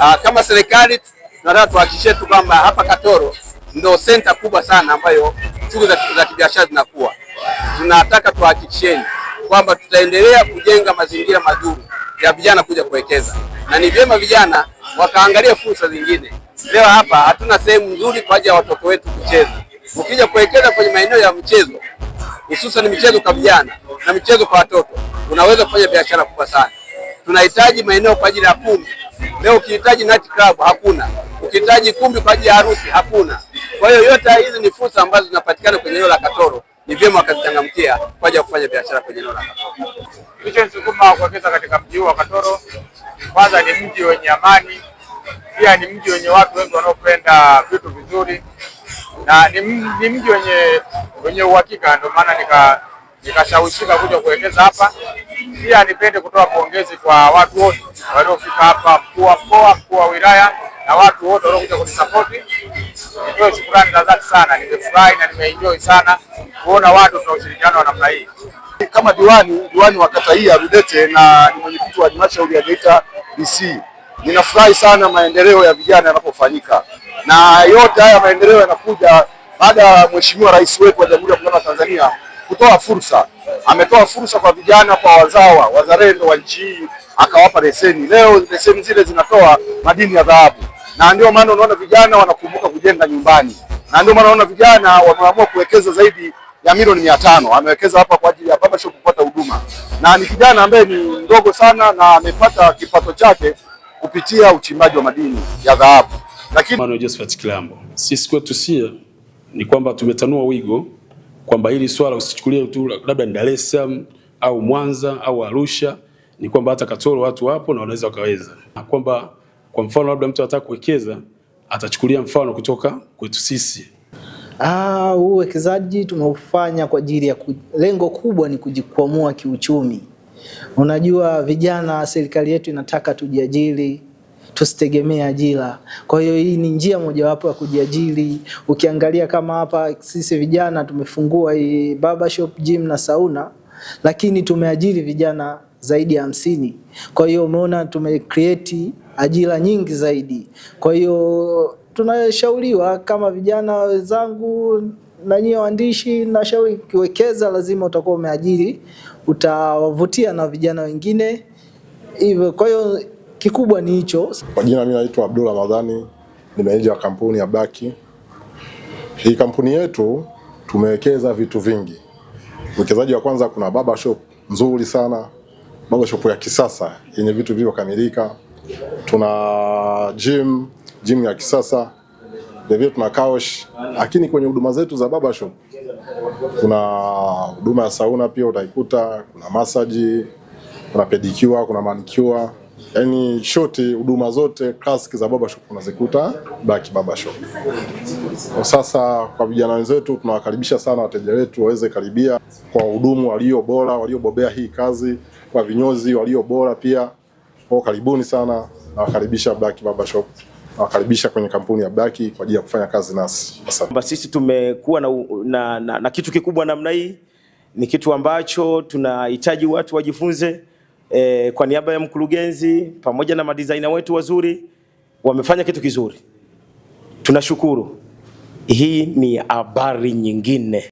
Aa, ah, kama serikali tunataka tuhakikishe tu kwamba hapa Katoro ndio senta kubwa sana ambayo shughuli za kibiashara zinakuwa. Tunataka tuhakikisheni kwamba tutaendelea kujenga mazingira mazuri ya vijana kuja kuwekeza, na ni vyema vijana wakaangalia fursa zingine. Leo hapa hatuna sehemu nzuri kwa ajili ya watoto wetu kucheza. Ukija kuwekeza kwenye maeneo ya mchezo, hususan michezo kwa vijana na michezo kwa watoto, unaweza kufanya biashara kubwa sana. Tunahitaji maeneo kwa ajili ya pumzi Leo ukihitaji night club hakuna, ukihitaji kumbi kwa ajili ya harusi hakuna. Kwa hiyo yote hizi ni fursa ambazo zinapatikana kwenye eneo la Katoro, ni vyema wakazichangamkia kwa ajili ya kufanya biashara kwenye eneo la Katoro. Kilichonisukuma kuwekeza katika mji huu wa Katoro, kwanza ni mji wenye amani, pia ni mji wenye watu wengi wanaopenda vitu vizuri na ni, ni mji wenye wenye uhakika, ndio maana nika nikashawishika kuja kuwekeza hapa. Pia nipende kutoa pongezi kwa watu wote waliofika hapa, mkuu wa mkoa, mkuu wa wilaya na watu wote waliokuja kunisapoti. Nitoe shukrani za dhati sana, nimefurahi na nimeenjoy sana kuona watu tuna ushirikiano wa namna hii. Kama diwani diwani wa kata hii ya Rudete na ni mwenyekiti wa halmashauri ya Geita DC, ninafurahi sana maendeleo ya vijana yanapofanyika, na yote haya maendeleo yanakuja baada ya Mheshimiwa Rais wetu wa Jamhuri ya Muungano wa Tanzania kutoa fursa. Ametoa fursa kwa vijana, kwa wazawa wazalendo wa nchi hii akawapa leseni. Leo leseni zile zinatoa madini ya dhahabu, na ndio maana unaona vijana wanakumbuka kujenga nyumbani, na ndio maana unaona vijana wameamua kuwekeza zaidi ya milioni mia tano amewekeza hapa kwa ajili ya baba shop kupata huduma, na ni kijana ambaye ni mdogo sana na amepata kipato chake kupitia uchimbaji wa madini ya dhahabu. Lakini Manuel Josephat Kilambo, sisi kwetu si ni kwamba tumetanua wigo kwamba hili swala usichukulie tu labda ni Dar es Salaam au Mwanza au Arusha ni kwamba hata Katoro watu wapo na wanaweza wakaweza, na kwamba kwa mfano labda mtu anataka kuwekeza atachukulia mfano kutoka kwetu sisi. Ah, uwekezaji tumeufanya kwa ajili ya ku... lengo kubwa ni kujikwamua kiuchumi. Unajua vijana, serikali yetu inataka tujiajiri, tusitegemee ajira. Kwa hiyo hii ni njia mojawapo ya kujiajiri. Ukiangalia kama hapa sisi vijana tumefungua hii barbershop, gym na sauna, lakini tumeajiri vijana zaidi ya hamsini. Kwa hiyo umeona tumecreate ajira nyingi zaidi. Kwa hiyo tunashauriwa kama vijana wenzangu na nyie waandishi, nashauri ukiwekeza, lazima utakuwa umeajiri, utawavutia na vijana wengine hivyo. Kwa hiyo kikubwa ni hicho. Kwa jina mimi naitwa Abdul Ramadhani, ni meneja wa kampuni ya baki Hii kampuni yetu tumewekeza vitu vingi. Uwekezaji wa kwanza, kuna shop nzuri sana barber shop ya kisasa yenye vitu vilivyokamilika. Tuna gym, gym ya kisasa vilevile, tuna kaosh. Lakini kwenye huduma zetu za baba shop kuna huduma ya sauna pia utaikuta, kuna masaji, kuna pedicure, kuna manicure yani shoti huduma zote classic za shop unazikuta Black Kwa Sasa kwa vijana wenzetu tunawakaribisha sana wateja wetu waweze karibia kwa hudumu walio bora waliobobea hii kazi, kwa vinyozi walio bora pia. Kwa karibuni sana, nawakaribisha Black Shop. nawakaribisha kwenye kampuni ya Black kwa ajili ya kufanya kazi nasi. Asante. Sisi tumekuwa na, na, na, na kitu kikubwa namna hii, ni kitu ambacho tunahitaji watu wajifunze e, kwa niaba ya mkurugenzi pamoja na madizaina wetu wazuri wamefanya kitu kizuri, tunashukuru. Hii ni habari nyingine.